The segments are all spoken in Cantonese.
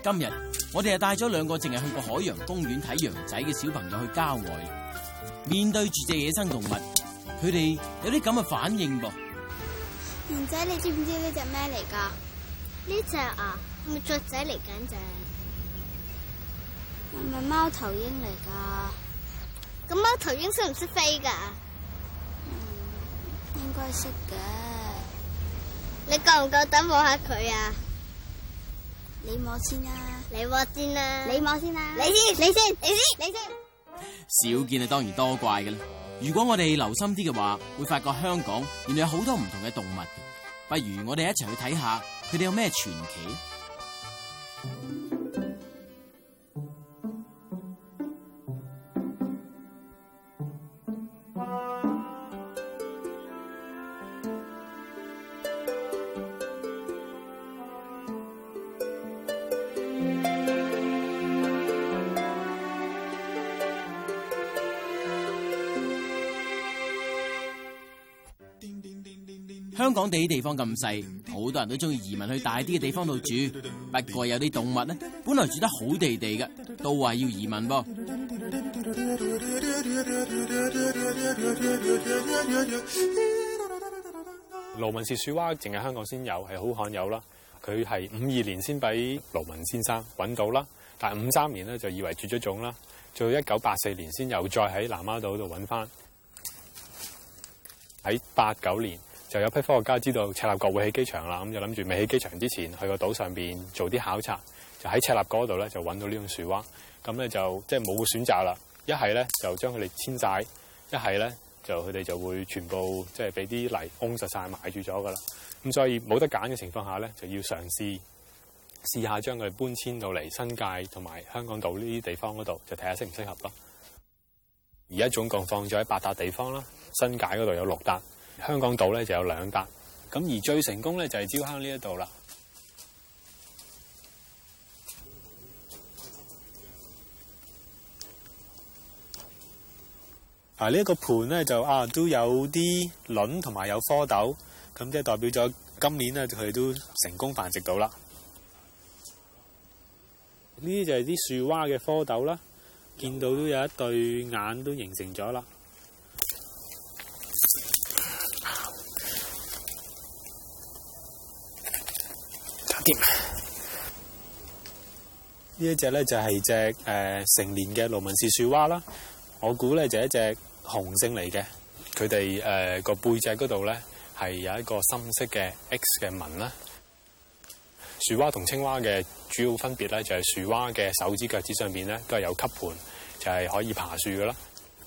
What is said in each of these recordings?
今日我哋係帶咗兩個淨係去過海洋公園睇羊仔嘅小朋友去郊外，面對住隻野生動物，佢哋有啲咁嘅反應噃。羊仔，你知唔知呢隻咩嚟噶？呢隻啊，係咪雀仔嚟緊啫？係咪貓頭鷹嚟噶？咁貓頭鷹識唔識飛噶，嗯？應該識嘅。你夠唔夠膽摸下佢啊？你先摸、啊、你先啦、啊，你先摸、啊、你先啦、啊，你摸先啦，你先，你先，你先，你先。你先少見啊，當然多怪嘅啦。如果我哋留心啲嘅話，會發覺香港原來有好多唔同嘅動物。不如我哋一齊去睇下，佢哋有咩傳奇。地地方咁細，好多人都中意移民去大啲嘅地方度住。不過有啲動物咧，本來住得好地地嘅，都話要移民噃。羅文氏樹蛙淨係香港先有，係好罕有啦。佢係五二年先俾羅文先生揾到啦，但係五三年咧就以為絕咗種啦，做到一九八四年先又再喺南丫島度揾翻，喺八九年。就有批科學家知道赤鱲角會起機場啦，咁就諗住未起機場之前去個島上面做啲考察，就喺赤鱲角嗰度咧就揾到呢種樹蛙，咁咧就即係冇選擇啦，一係咧就將佢哋遷晒；一係咧就佢哋就會全部即係俾啲泥壅實曬埋住咗噶啦，咁所以冇得揀嘅情況下咧，就要嘗試嘗試下將佢哋搬遷到嚟新界同埋香港島呢啲地方嗰度，就睇下適唔適合咯。而家總共放咗喺八笪地方啦，新界嗰度有六笪。香港島咧就有兩笪，咁而最成功咧就係、是、蕉坑這裡、啊這個、呢一度啦。啊，呢一個盤咧就啊都有啲卵同埋有蝌蚪，咁即係代表咗今年咧佢都成功繁殖到啦。呢啲就係啲樹蛙嘅蝌蚪啦，見到都有一對眼都形成咗啦。這一隻呢、就是、一隻咧就係隻誒成年嘅盧文氏樹蛙啦，我估咧就是、一隻雄性嚟嘅，佢哋誒個背脊嗰度咧係有一個深色嘅 X 嘅紋啦。樹蛙同青蛙嘅主要分別咧就係、是、樹蛙嘅手指、腳趾上邊咧都係有吸盤，就係、是、可以爬樹噶啦。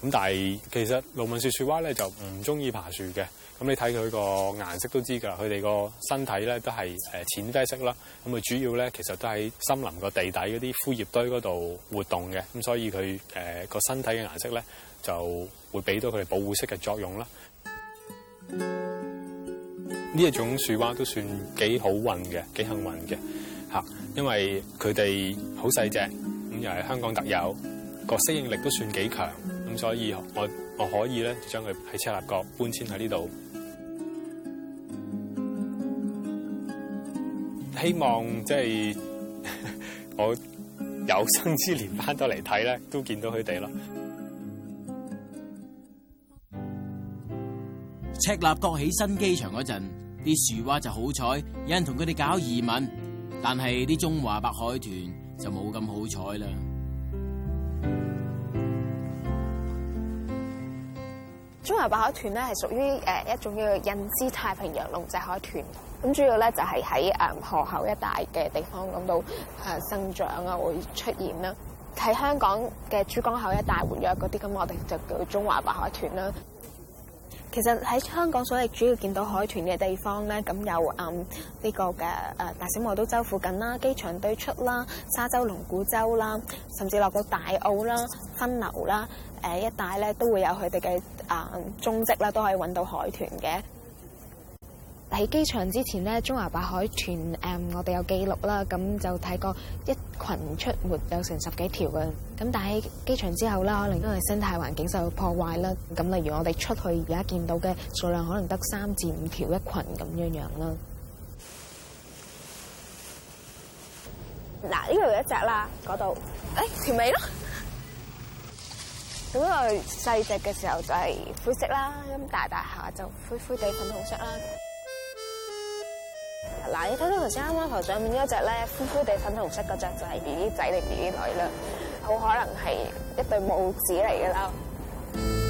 咁但係，其實盧文氏樹蛙咧就唔中意爬樹嘅。咁你睇佢個顏色都知㗎，佢哋個身體咧都係淺啡色啦。咁佢主要咧其實都喺森林個地底嗰啲枯葉堆嗰度活動嘅，咁所以佢個身體嘅顏色咧就會俾到佢哋保護色嘅作用啦。呢一種樹蛙都算幾好運嘅，幾幸運嘅嚇，因為佢哋好細隻，咁又係香港特有，個適應力都算幾強。咁所以我，我我可以咧，將佢喺赤鱲角搬遷喺呢度。希望即係我有生之年翻到嚟睇咧，都見到佢哋咯。赤鱲角起新機場嗰陣，啲樹蛙就好彩，有人同佢哋搞移民，但係啲中華白海豚就冇咁好彩啦。中華白海豚咧，係屬於誒一種叫做印支太平洋龍脊海豚咁，主要咧就係喺誒河口一帶嘅地方咁到誒生長啊，會出現啦。喺香港嘅珠江口一帶活躍嗰啲，咁我哋就叫中華白海豚啦。其實喺香港所亦主要見到海豚嘅地方咧，咁有誒呢個嘅誒大小磨刀洲附近啦、機場對出啦、沙洲龍鼓洲啦，甚至落到大澳啦、分流啦誒一帶咧都會有佢哋嘅。啊，蹤跡咧都可以揾到海豚嘅。喺機場之前咧，中華白海豚誒，我哋有記錄啦，咁就睇過一群出沒有成十幾條嘅。咁但喺機場之後啦，可能因為生態環境受到破壞啦，咁例如我哋出去而家見到嘅數量可能得三至五條一羣咁樣樣啦。嗱，呢度有一隻啦，嗰度，誒、哎，條尾咯。咁佢細隻嘅時候就係灰色啦，咁大大下就灰灰地粉紅色啦。嗱，你睇到頭先啱啱頭上面嗰隻咧，灰灰地粉紅色嗰隻就係 BB 仔定 BB 女啦，好可能係一對母子嚟嘅啦。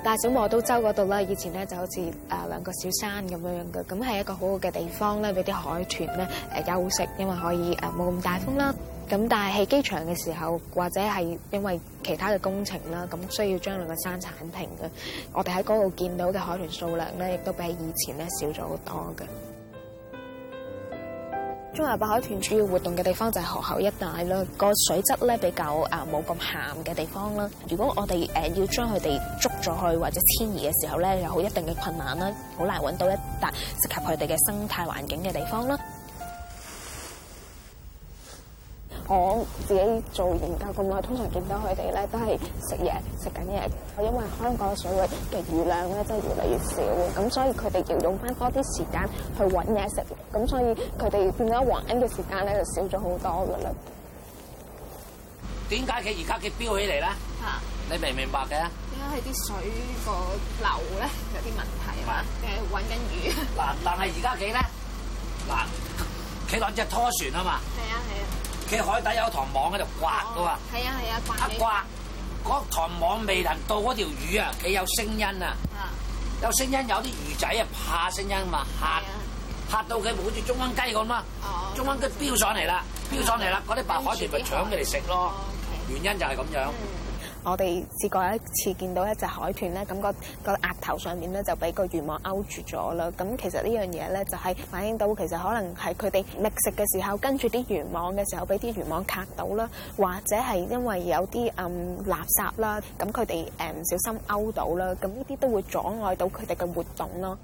大小磨刀洲度啦。以前咧就好似啊兩個小山咁樣樣嘅，咁係一個很好好嘅地方咧，俾啲海豚咧誒休息，因為可以誒冇咁大風啦。咁但係喺機場嘅時候，或者係因為其他嘅工程啦，咁需要將兩個山剷平嘅，我哋喺嗰度見到嘅海豚數量咧，亦都比以前咧少咗好多嘅。中華白海豚主要活動嘅地方就係河口一帶啦，個水質咧比較啊冇咁鹹嘅地方啦。如果我哋誒要將佢哋捉咗去或者遷移嘅時候咧，有好一定嘅困難啦，好難揾到一笪適合佢哋嘅生態環境嘅地方啦。我自己做研究咁耐，通常見到佢哋咧都係食嘢食緊嘢嘅，因為香港水域嘅魚量咧真係越嚟越少，咁所以佢哋要用翻多啲時間去揾嘢食，咁所以佢哋變咗玩嘅時間咧就少咗好多噶啦。點解佢而家佢飆起嚟咧？啊、你明唔明白嘅？點解係啲水個流咧有啲問題啊？嘅揾緊魚。嗱嗱、啊，係而家幾咧，嗱、啊，企攞隻拖船啊嘛。係啊係啊。佢海底有台網喺度刮噶、係啊、係啊、刮。一刮嗰台網未能到嗰條魚啊，佢有聲音啊，有聲音有啲魚仔啊怕聲音啊。嘛，嚇嚇到佢好似中央雞咁啊，中央雞飈上嚟啦，飈上嚟啦，嗰啲白海豚咪搶佢嚟食咯，原因就係咁樣。我哋試過一次見到一隻海豚咧，感、那、覺個額頭上面咧就俾個漁網勾住咗啦。咁其實呢樣嘢咧就係反映到其實可能係佢哋覓食嘅時候跟住啲漁網嘅時候俾啲漁網卡到啦，或者係因為有啲嗯垃圾啦，咁佢哋誒唔小心勾到啦，咁呢啲都會阻礙到佢哋嘅活動咯。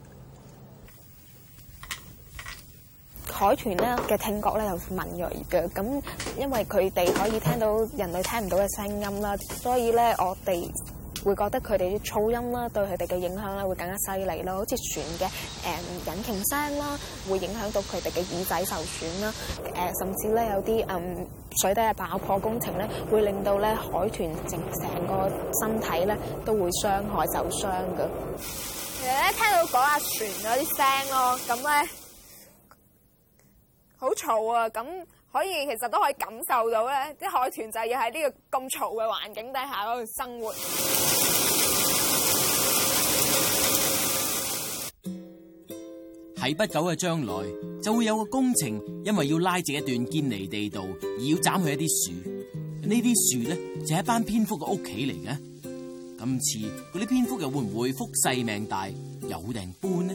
海豚咧嘅聽覺咧係敏鋭嘅，咁因為佢哋可以聽到人類聽唔到嘅聲音啦，所以咧我哋會覺得佢哋啲噪音啦對佢哋嘅影響咧會更加犀利咯，好似船嘅誒引擎聲啦，會影響到佢哋嘅耳仔受損啦，誒甚至咧有啲嗯水底嘅爆破工程咧，會令到咧海豚整成個身體咧都會傷害受傷嘅。其實咧聽到講下船嗰啲聲咯，咁咧。好嘈啊！咁可以，其實都可以感受到咧，啲海豚就要喺呢個咁嘈嘅環境底下度生活。喺不久嘅將來，就會有個工程，因為要拉住一段堅尼地道，而要斬去一啲樹。樹呢啲樹咧，就係、是、一班蝙蝠嘅屋企嚟嘅。今次嗰啲蝙蝠又會唔會福細命大，有定搬呢？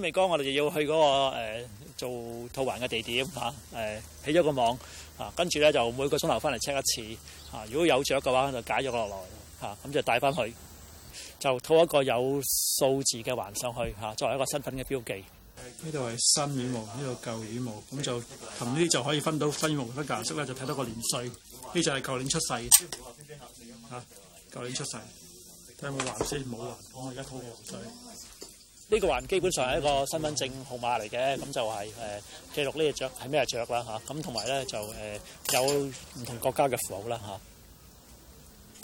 未干，光我哋就要去嗰、那個誒、欸、做套環嘅地點吓，誒、啊欸、起咗個網啊，跟住咧就每個鐘頭翻嚟 check 一次啊，如果有雀嘅話就解咗落來吓，咁、啊、就帶翻去，就套一個有數字嘅環上去吓、啊，作為一個身份嘅標記。呢度係新羽毛，呢度舊羽毛，咁就憑呢就可以分到分毛分顏色咧，就睇到個年歲。呢就係舊年出世，啊，舊年出世，睇下有冇藍色冇啊，我而家套黃水。呢個環基本上係一個身份證號碼嚟嘅，咁就係、是、誒、呃、記錄、啊、呢隻雀係咩雀啦嚇，咁同埋咧就誒、呃、有唔同國家嘅符號啦嚇。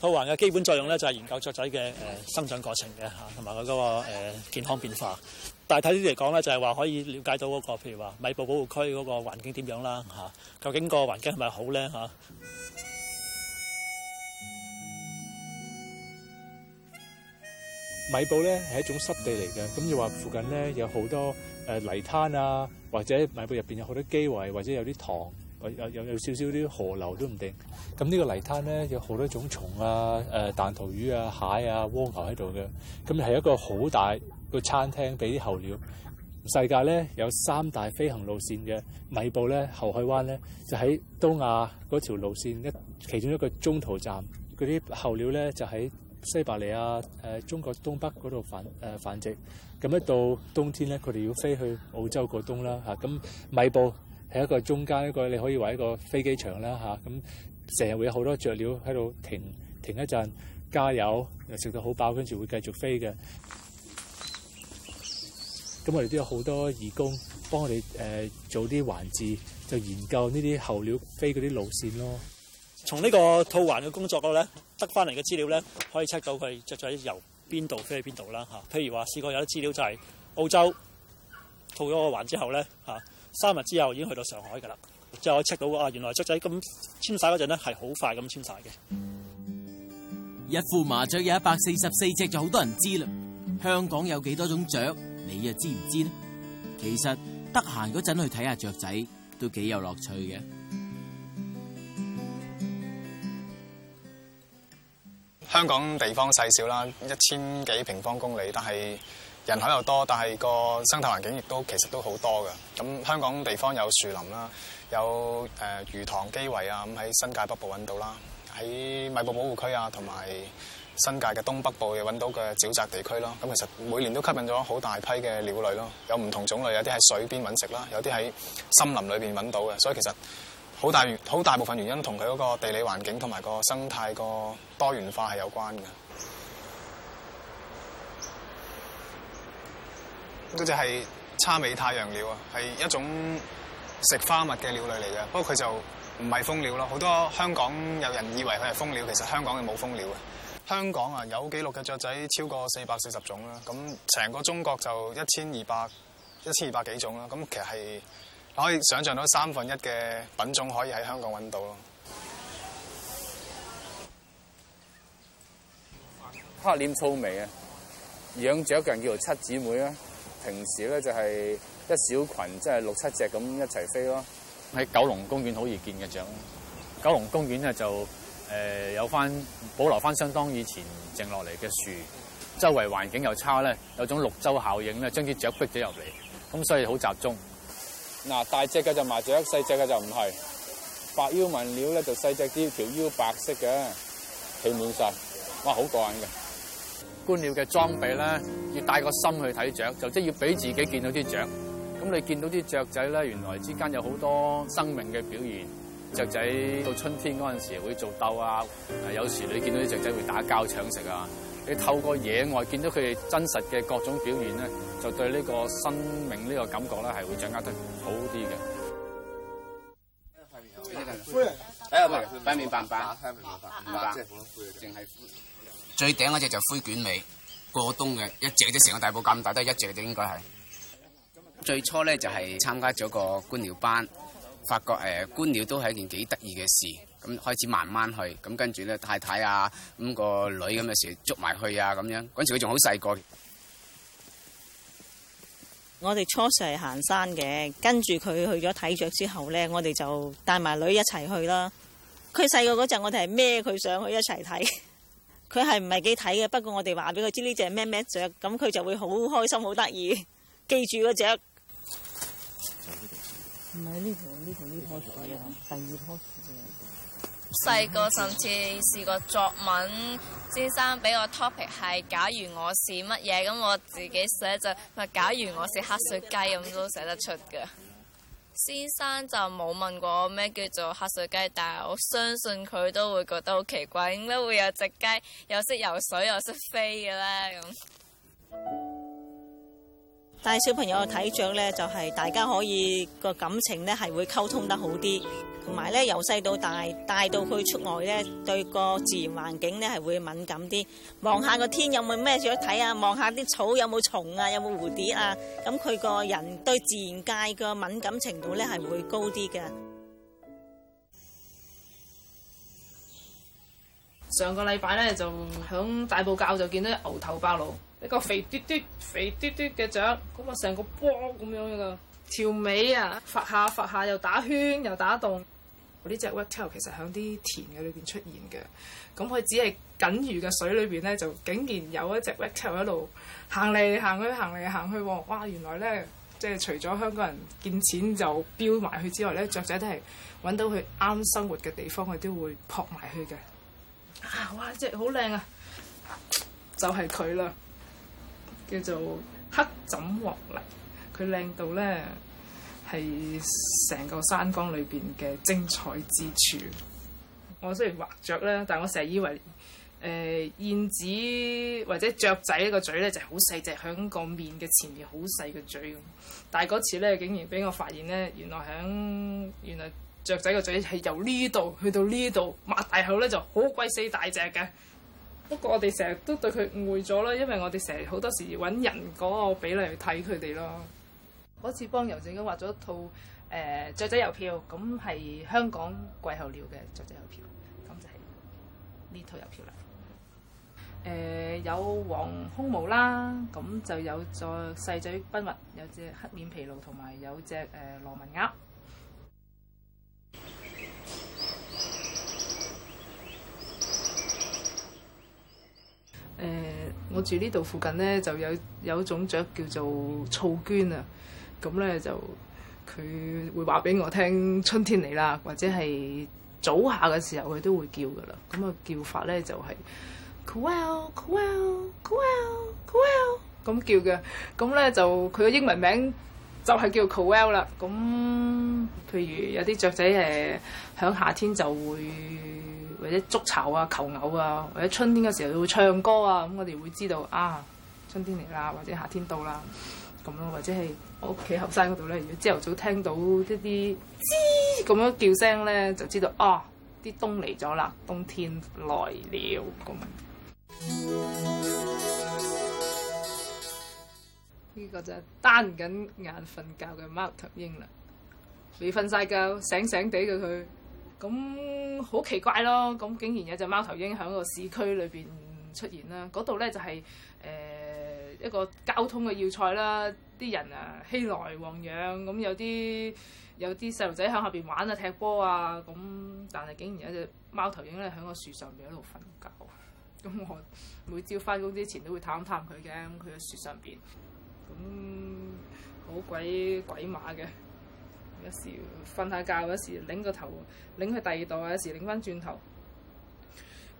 套環嘅基本作用咧就係、是、研究雀仔嘅誒、呃、生長過程嘅嚇，同埋佢嗰個、呃、健康變化。大體啲嚟講咧，就係、是、話可以了解到嗰、那個譬如話米埔保護區嗰個環境點樣啦嚇、啊，究竟個環境係咪好咧嚇？啊。米埔咧係一種濕地嚟嘅，咁你話附近咧有好多、呃、泥灘啊，或者米埔入面有好多基圍，或者有啲塘，有有有少少啲河流都唔定。咁呢個泥灘咧有好多種蟲啊、誒彈塗魚啊、蟹啊、蝸牛喺度嘅，咁係一個好大個餐廳俾啲候鳥。世界咧有三大飛行路線嘅，米埔咧、後海灣咧就喺東亞嗰條路線一其中一個中途站，嗰啲候鳥咧就喺。西伯利亞誒、呃、中國東北嗰度繁誒繁殖，咁、呃、一到冬天咧，佢哋要飛去澳洲過冬啦嚇。咁、啊、米埔係一個中間一個，你可以話一個飛機場啦嚇。咁成日會有好多雀鳥喺度停停一陣，加油，又食到好飽，跟住會繼續飛嘅。咁我哋都有好多義工幫我哋誒、呃、做啲環誌，就研究呢啲候鳥飛嗰啲路線咯。從呢個套環嘅工作嗰咧，得翻嚟嘅資料咧，可以 check 到佢雀仔由邊度飛去邊度啦嚇。譬如話試過有啲資料就係澳洲套咗個環之後咧嚇，三日之後已經去到上海㗎啦，就可以 check 到啊原來雀仔咁遷徙嗰陣咧係好快咁遷徙嘅。一副麻雀有一百四十四隻，就好多人知啦。香港有幾多種雀，你又知唔知咧？其實得閒嗰陣去睇下雀仔都幾有樂趣嘅。香港地方細小啦，一千幾平方公里，但係人口又多，但係個生態環境亦都其實都好多㗎。咁香港地方有樹林啦，有誒、呃、魚塘基圍啊，咁喺新界北部揾到啦，喺米埔保護區啊，同埋新界嘅東北部又揾到嘅沼澤地區咯。咁其實每年都吸引咗好大批嘅鳥類咯，有唔同種類，有啲喺水邊揾食啦，有啲喺森林裏邊揾到嘅，所以其實。好大好大部分原因同佢嗰個地理環境同埋個生態個多元化係有關嘅。呢隻係叉尾太陽鳥啊，係一種食花蜜嘅鳥類嚟嘅。不過佢就唔係蜂鳥咯。好多香港有人以為佢係蜂鳥，其實香港嘅冇蜂鳥嘅。香港啊，有記錄嘅雀仔超過四百四十種啦。咁成個中國就一千二百一千二百幾種啦。咁其實係。可以想象到三分一嘅品種可以喺香港揾到咯。黑臉噪鶥啊，養雀嘅人叫做七姊妹啦。平時咧就係一小群，即係六七隻咁一齊飛咯。喺九龍公園好易見嘅雀，九龍公園咧就誒有翻保留翻相當以前剩落嚟嘅樹，周圍環境又差咧，有種綠洲效應咧，將啲雀逼咗入嚟，咁所以好集中。嗱，大隻嘅就麻雀，細隻嘅就唔係白腰文鳥咧，就細隻啲，條腰白色嘅，企滿晒。哇，好過癮嘅觀鳥嘅裝備咧，要帶個心去睇雀，就即、是、係要俾自己見到啲雀。咁你見到啲雀仔咧，原來之間有好多生命嘅表現。雀仔到春天嗰陣時會做竇啊，有時你見到啲雀仔會打交搶食啊。你透過野外見到佢哋真實嘅各種表現咧，就對呢個生命呢個感覺咧，係會掌握得好啲嘅。灰，灰面斑斑，面斑斑，五百，淨係最頂嗰隻就灰卷尾，過冬嘅一隻啫，成個大埔咁大都一隻啫，應該係。最初咧就係參加咗個觀鳥班，發覺誒觀鳥都係一件幾得意嘅事。咁開始慢慢去，咁跟住咧太太啊，咁、嗯、個女咁嘅時捉埋去啊，咁樣嗰陣時佢仲好細個。我哋初時係行山嘅，跟住佢去咗睇雀之後咧，我哋就帶埋女一齊去啦。佢細個嗰陣，我哋係孭佢上去一齊睇。佢係唔係幾睇嘅？不過我哋話俾佢知呢隻咩咩雀，咁佢就會好開心、好得意，記住嗰隻、這個。唔係呢條，呢條呢條細個甚至試過作文，先生俾個 topic 係假如我是乜嘢，咁我自己寫就咪假如我是黑水雞咁都寫得出噶先生就冇問過我咩叫做黑水雞，但係我相信佢都會覺得好奇怪，應該會有隻雞又識游水又識飛嘅啦咁。帶小朋友睇劇呢，就係大家可以個感情呢係會溝通得好啲。同埋咧，由細到大帶到佢出外咧，對個自然環境咧係會敏感啲。望下個天有冇咩雀睇啊，望下啲草有冇蟲啊，有冇蝴蝶啊。咁佢個人對自然界個敏感程度咧係會高啲嘅。上個禮拜咧就響大埔滘，就見到牛頭伯勞，一個肥嘟嘟、肥嘟嘟嘅雀，咁啊成個波咁樣噶，條尾啊發下發下又打圈又打動。呢隻 wagtail 其實喺啲田嘅裏邊出現嘅，咁佢只係僅餘嘅水裏邊咧，就竟然有一隻 wagtail 喺度行嚟行去行嚟行去喎，哇！原來咧，即係除咗香港人見錢就飆埋去之外咧，雀仔都係揾到佢啱生活嘅地方，佢都會撲埋去嘅。啊！哇！隻好靚啊，就係佢啦，叫做黑枕黃鸝，佢靚到咧～係成個山崗裏邊嘅精彩之處。我雖然畫雀咧，但我成日以為誒、呃、燕子或者雀仔個嘴咧就係好細隻，響、就是、個面嘅前面好細個嘴。但係嗰次咧，竟然俾我發現咧，原來響原來雀仔個嘴係由呢度去到呢度，擘大口咧就好鬼死大隻嘅。不過我哋成日都對佢誤會咗啦，因為我哋成日好多時揾人嗰個比例去睇佢哋咯。嗰次幫郵政局畫咗一套誒雀仔郵票，咁係香港季候鳥嘅雀仔郵票，咁就係呢套郵票啦。誒、呃、有黃胸鵐啦，咁就有再細嘴濱鷸，有隻黑臉琵鷺，同埋有隻誒、呃、羅文鴨。誒、呃，我住呢度附近咧，就有有一種雀叫做噪鵑啊。咁咧就佢會話俾我聽，春天嚟啦，或者係早下嘅時候佢都會叫噶啦。咁個叫法咧就係 Koel、Koel、Koel、Koel 咁叫嘅。咁咧就佢嘅英文名就係叫 Koel 啦。咁、well、譬如有啲雀仔誒響夏天就會或者築巢啊、求偶啊，或者春天嘅時候會唱歌啊。咁我哋會知道啊，春天嚟啦，或者夏天到啦。咁咯，或者係我屋企後生嗰度咧，如果朝頭早聽到一啲吱咁樣叫聲咧，就知道哦，啲、啊、冬嚟咗啦，冬天來了咁。呢 個就係單緊眼瞓覺嘅貓頭鷹啦，未瞓晒覺，醒醒地嘅佢，咁好奇怪咯，咁竟然有隻貓頭鷹喺個市區裏邊出現啦，嗰度咧就係、是、誒。呃一個交通嘅要塞啦，啲人啊熙來攘往，咁有啲有啲細路仔喺下邊玩啊、踢波啊，咁但係竟然有隻貓頭鷹咧喺個樹上邊喺度瞓覺，咁我每朝翻工之前都會探探佢嘅，佢個樹上邊，咁好鬼鬼馬嘅，有時瞓下覺，有時擰個頭擰去第二度，有時擰翻轉頭。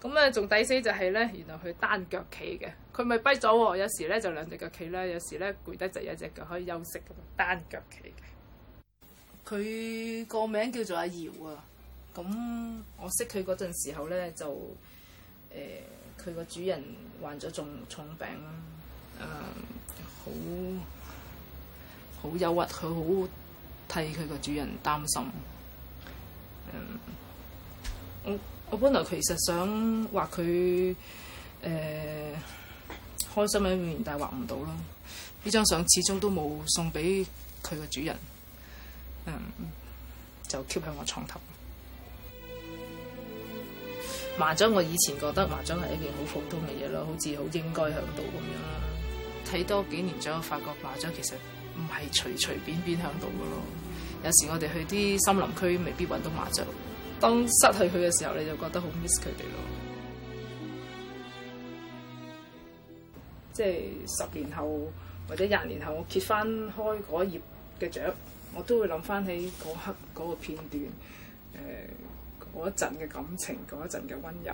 咁啊，仲抵死就係咧，原來佢單腳企嘅，佢咪跛咗喎。有時咧就兩隻腳企咧，有時咧攰低就有一隻腳可以休息咁，單腳企嘅。佢個名叫做阿姚啊。咁我識佢嗰陣時候咧，就誒佢個主人患咗重重病啦，誒好好憂鬱，佢好替佢個主人擔心。嗯，嗯我本來其實想畫佢誒、呃、開心一面，但係畫唔到咯。呢張相始終都冇送俾佢個主人，嗯，就 keep 喺我床頭。麻雀我以前覺得麻雀係一件好普通嘅嘢咯，好似好應該響度咁樣啦。睇多幾年咗，我發覺麻雀其實唔係隨隨便便響度噶咯。有時我哋去啲森林區，未必搵到麻雀。當失去佢嘅時候，你就覺得好 miss 佢哋咯。即係十年後或者廿年後，我揭翻開嗰頁嘅雀，我都會諗翻起嗰刻嗰個片段，誒、嗰一陣嘅感情，嗰一陣嘅温柔。